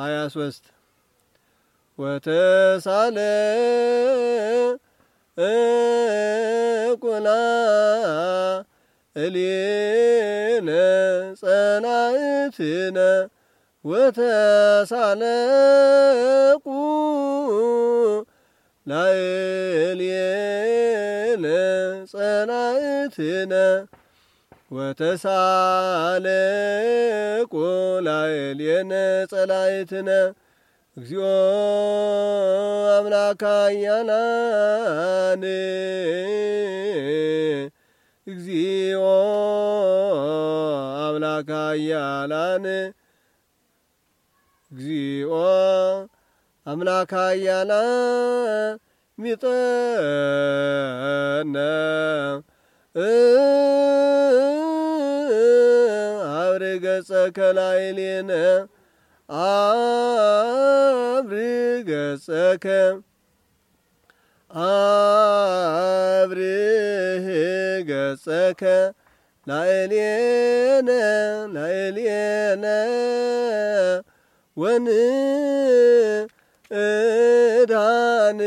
ሀያ ሶስት ወተሳለ ቁና እሌነ ጸናእትነ ወተሳለቁ ላእሌነ ጸናእትነ ወተሳለቁ ላዕሌነ ጸላእትነ እግዚኦ አምላከ ኃያላን እግዚኦ አምላከ ኃያላን እግዚኦ አምላከ ኃያላን ሚጠነ አብርገጸ ከላይሌነ አብርገጸከ አብርህ ገጸከ ላይሌነ ላይሌነ ወን እዳን